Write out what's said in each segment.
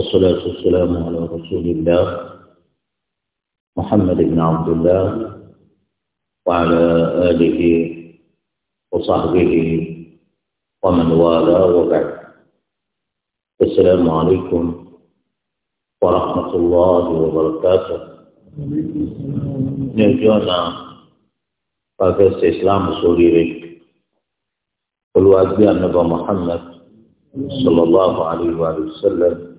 والصلاة والسلام على رسول الله محمد بن عبد الله وعلى آله وصحبه ومن والاه وبعد السلام عليكم ورحمة الله وبركاته نرجونا فاكس إسلام سوري قل وأجزي النبي محمد صلى الله عليه وآله وسلم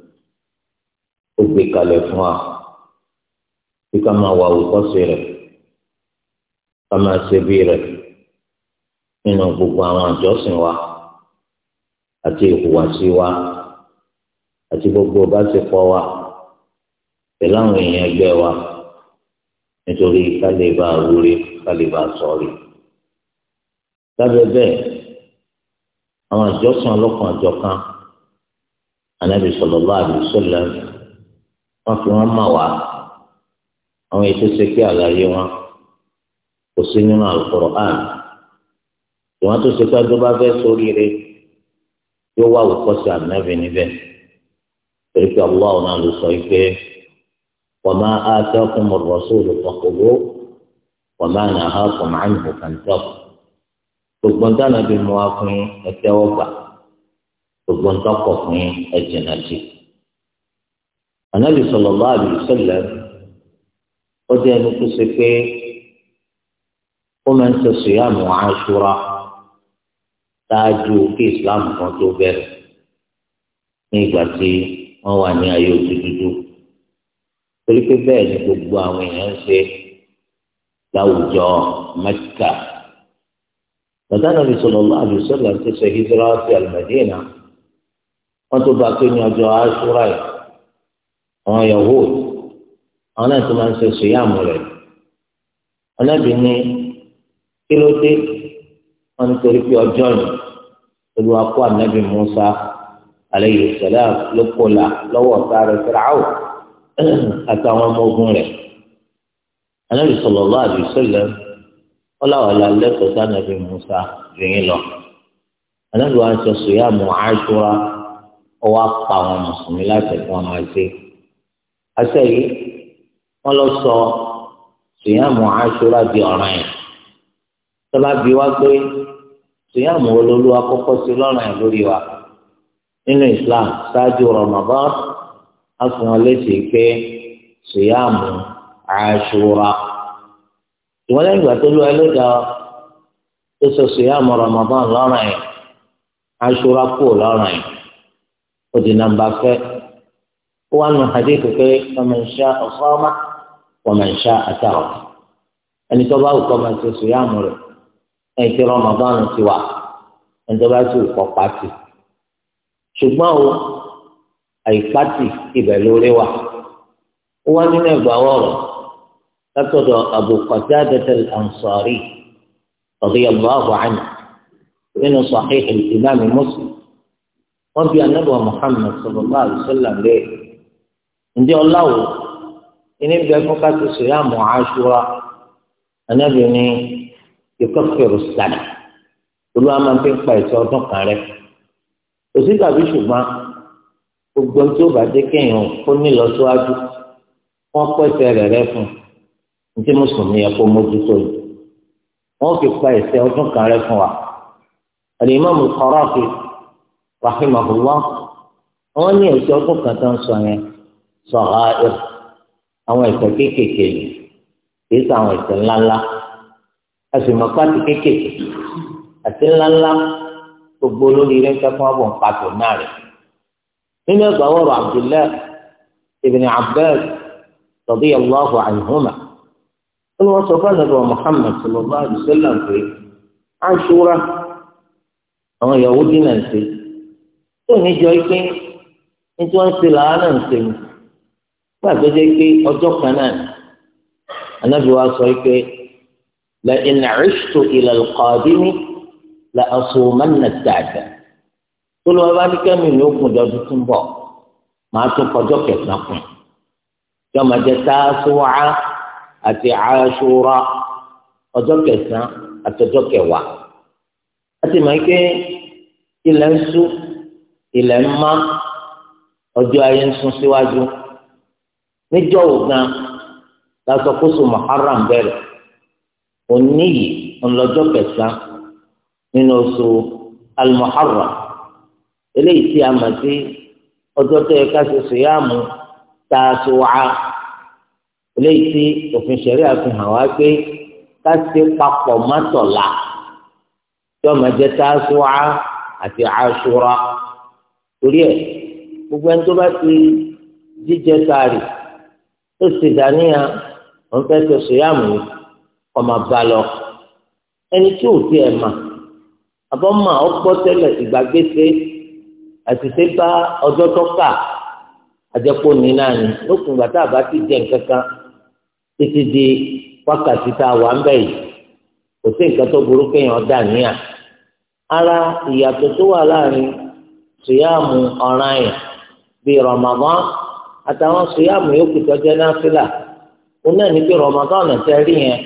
ó gbé kalẹ̀ fún wa bí ká máa wà òkọ́sí rẹ̀ ká máa ṣe bí rẹ̀ nínú gbogbo àwọn àjọsìn wa àti ìhùwàsí wa àti gbogbo bá ti pọ̀ wa pẹ̀lú àwọn èèyàn ẹgbẹ́ wa nítorí ká lè bá a wúre ká lè bá a sọ̀rí. lábẹ́ bẹ́ẹ̀ àwọn àjọsìn ọlọ́kan àjọkan anábì sallallahu alaihi wasallam. wọ́n fi wọ́n mọ̀ wá àwọn ètò ṣe àlàyé wọn kò sí nínú Al-Qur'an ìwọ́n tó ṣe pé tó bá fẹ́ sórí rẹ yóò wá òkọ́sí ànábì níbẹ̀ torí pé Allah náà ló sọ pé wa ma atakumu ar-rasulu fakhudhuhu wa ma nahakum anhu fantahu gbogbo ń dáná bí mo wá fún ẹ tẹ́wọ́ gbà fún ẹ jìnnà anabi sallallahu alaihi wasallam ó jẹ́ ẹni tó ṣe pé ó máa ń ṣe sùyàmù àṣúra ṣáájú kí islam kan tó bẹ̀rẹ̀ ní ìgbà tí wọ́n wà ní ayé ojú dúdú torí pé bẹ́ẹ̀ ni gbogbo àwọn èèyàn ń ṣe láwùjọ mẹ́kà bàtà nàbì sallallahu alaihi wasallam ti ṣe hijira sí al-Madina tó bá pé ní ọjọ́ àṣúra yìí àwọn yahood àwọn náà tó máa ń ṣe sùyàmù rẹ ọlọ́dún ní kí ló dé wọn nítorí pé ọjọ́ ni olùwà kó ànábì Musa aleyhi salam ló kó la lọ́wọ́ sáré fúráwù àtàwọn ọmọ ogun rẹ̀ ànábì sallallahu alaihi wasallam ọláwàlá lẹ́kọ̀ọ́ sànábì Musa rìn lọ ànábì wa ń sọ sùyàmù àṣúra ọwọ́ apá àwọn mùsùlùmí láti ẹ̀kọ́ máa ṣe àṣẹ yìí wọ́n lọ sọ sùyàmù aṣọra di ọ̀ràn yìí tọ́lá bí wá pé sùyàmù olólù akọ́kọ́ sí lọ́ràn yìí lórí wa nínú Islam ṣáájú Ramadan a fún wọn léṣe pé sùyàmù aṣọra ìwọ́n lẹ́yìn ìgbà tó lọ ẹlẹ́dàá tó sọ sùyàmù Ramadan lọ́ràn yìí aṣọra kù lọ́ràn yìí ó di nàmbà fẹ́ẹ́ ó wá nu hadith pé man sha'a sama wa man sha'a taraka ẹni tó bá wù kọ́ máa ṣe sùyàmù rẹ̀ ẹni tí Ramadan ti wà ẹni tó bá sì wù kọ́ ṣùgbọ́n o àìpàtì ibẹ̀ lórí wà ó wá nínú ẹgbàá wọ̀rọ̀ látọ̀dọ̀ Abu Qatadah al-Ansari radiyallahu anhu nínú Sahih al-Imam Muslim wọ́n bí anábọ̀ Muhammad sallallahu alaihi wasallam lẹ́yìn ǹjẹ́ ọláwo ẹni bẹ́ẹ̀ fún káṣí sèyàmù àṣùwà anábì ní ìkọ́fẹ̀rù sàdà olúwa máa fi ń pa ìṣọ́ ọdún kan rẹ òsì tàbí ṣùgbọ́n gbogbo tí ó bá dé kéèyàn kó nílọsíwájú wọn pẹ̀sẹ̀ rẹ̀ rẹ fún ntí mùsùlùmí yẹ kó mójútó yìí wọn fi pa ìṣẹ́ ọdún kan rẹ fún wa alimami Qarafi rahimahullah wọn ní ìṣẹ́ ọdún kan tó ń sọ yẹn sọ̀há ẹ̀rù àwọn ẹ̀ṣẹ̀ kéékèèké yìí kìí sọ àwọn ẹ̀ṣẹ̀ ńláńlá a sì mọ pàtì kéékèèké àti ńláńlá gbogbo olórí rẹ̀ ń fẹ́ fún ọ̀bùn pàtó náà rẹ̀ nínú ẹgbà wọ̀rọ̀ Abdullah ibn Abbas radiyallahu anhuma ó ní wọ́n sọ fún ẹ̀dọ̀ Muhammad sallallahu alaihi wasallam pé Àṣúrà àwọn Yahudi náà ń ṣe tó níjọ pé nítorí wọ́n ń ṣe làánà ń ṣe wọ́n àti ọjọ́ pé ọjọ́ kan náà anábì wa sọ pé la in 'ishtu ila al-qadimi la asumanna ad-da'da tó lọ́wọ́ bá ní kẹ́mi ní okùn dọ́dún tó ń bọ̀ màá tún kọjọ́ kẹsàn-án kùn yọ máa jẹ Tasu'a àti Ashura ọjọ́ kẹsàn-án àti ọjọ́ kẹwàá àti màá ké ilẹ̀ ń sú ilẹ̀ ń Si níjọ́ ògan lásọkóso muharram bẹ̀rẹ̀ òní yìí ńlọ́jọ́ kẹsàn-án nínú oṣù almuharram eléyìí tí a mọ̀ sí ọjọ́ tó yẹ ká ṣe sòyàmù tààsùwà eléyìí tí òfin ṣẹ̀rí àfihàn wá pé ká ṣe papọ̀ mọ́tọ̀lá yóò máa jẹ tààsùwà àti àṣùrà torí ẹ̀ gbogbo ẹni tó bá ti jíjẹ sáré ó sì dàníyàn òun fẹ́ tó sòyàmù yìí ọmọ bá lọ ẹni tí ò tiẹ̀ mà àbọ̀mọ̀ ọgbọ́ tẹ́lẹ̀ ìgbàgbèsè àtìsẹ́ bá ọjọ́ tó kà àjẹpọ̀ ní náà ni lókun gbàtà àbá ti jẹ nǹkan kan títí di wákàtí tá a wà ń bẹ̀ yìí kò sí nǹkan tó burú kéèyàn dàníyàn ara ìyàtọ̀ tó wà láàrin sòyàmù ọ̀ranyàn bíi Ramadan àtàwọn sùyàmù yòókù tó jẹ́ náfìlà òun náà ní pé Ramadan tẹ rí yẹn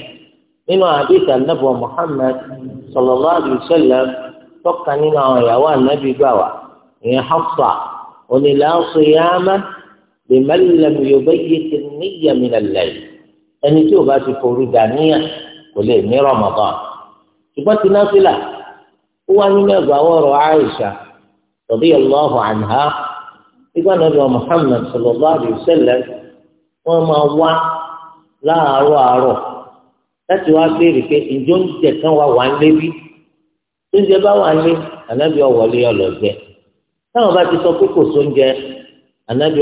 nínú àdìsí anábọ̀ Muhammad sallallahu alaihi wasallam tọ́ka nínú àwọn ìyàwó anábì gbà wá ìyẹn Hafsa onílà sùyàmù liman lam yubayyit an-niyya min ẹni tí o bá ti forí dàníyà kò lè ní Ramadan ṣùgbọ́n ti náfìlà ó wá nínú ẹgbàá wọ̀rọ̀ Aisha radiyallahu anha. ìgbà nàbẹ Muhammad sallallahu alaihi wasallam wọn máa wá láàárọ̀ àárọ̀ láti wá béèrè pé ǹjọ́ ń jẹ kán wá wà lébi tó ń jẹ bá wà lé ànábì bá ti sọ pé kò ànábì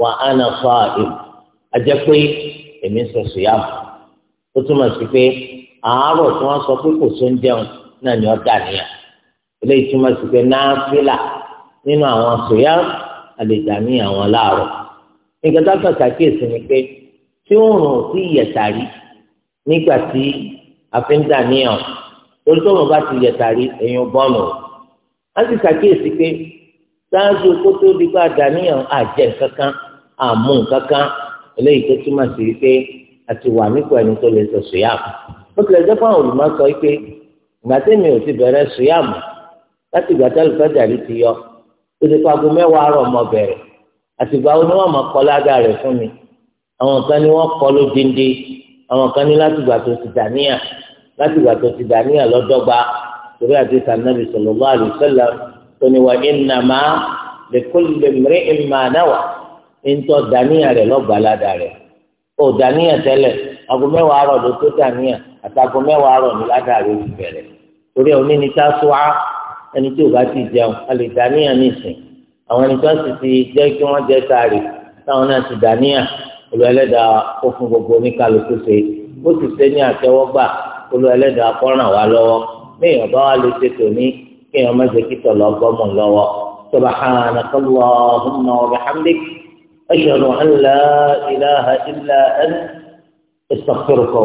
wa ana sa'im àjẹ pé èmi ń sọ sùyàmù ó túmọ̀ sí pé àárọ̀ tí wọ́n sọ pé kò náà ni ọ́ dà níyà eléyìí túmọ̀ sí pé nínú àwọn sòyà àlejò àwọn láàárọ̀ nǹkan tó kàn ṣàkíyèsí ni pé tí oòrùn sí ìyẹ̀tàrí nígbà tí àfíńdà níyàn torí tó wọn bá ti yẹ̀tàrí èèyàn bọ́ọ̀nù á sì ṣàkíyèsí pé ṣáájú kó tó di pé àdàníyàn àjẹ kankan àmú kankan eléyìí tó túmọ̀ sí pé a ti wà nípò ẹni tó lè sọ sòyàmù ó tilẹ̀ jẹ́ fáwọn olùmọ̀ sọ pé ìgbà tẹ́mi ò ti bẹ̀rẹ̀ sòyàmù láti ìgbà tẹ́lifásitì àrí ti yọ tó ti pàgọ́ mẹ́wàá rọ̀ mọ́ bẹ̀rẹ̀ àtìgbà wo ni wọ́n mọ̀ kọ́ ládàá rẹ̀ fún mi àwọn kan ni wọ́n kọ́ ló dende àwọn kan ní látìgbà tó ti dàníyà látìgbà tó ti dàníyà lọ́dọ́gba torí àti sànàbì sallallahu alaihi wasallam tó ní wa innama likulli imri'in ma nawa ńtọ́ dàníyà rẹ̀ lọ́gbà ládàá rẹ̀ ó dàníyà tẹ́lẹ̀ àgọ́ mẹ́wàá rọ̀ ló tó dàníyà àtàgọ́ mẹ́wàá rọ̀ ní ládàá rẹ̀ ó ẹni tí ò bá ti jẹun a lè dàníyàn nìsín àwọn ẹni tí wọ́n sì ti jẹ́ kí wọ́n jẹ sáré táwọn náà ti dàníyàn olú ẹlẹ́dàá ó fún gbogbo oníkàlùkù ṣe ó sì ṣe ní àtẹ́wọ́gbà olú ẹlẹ́dàá kó ràn wá lọ́wọ́ méèyàn bá wà lè ṣe tòní kéèyàn má ṣe kí tọ̀lọ́ gbọ́mọ̀ lọ́wọ́ subhanaka Allahumma wa bihamdik ashhadu an la ilaha illa anta astaghfiruka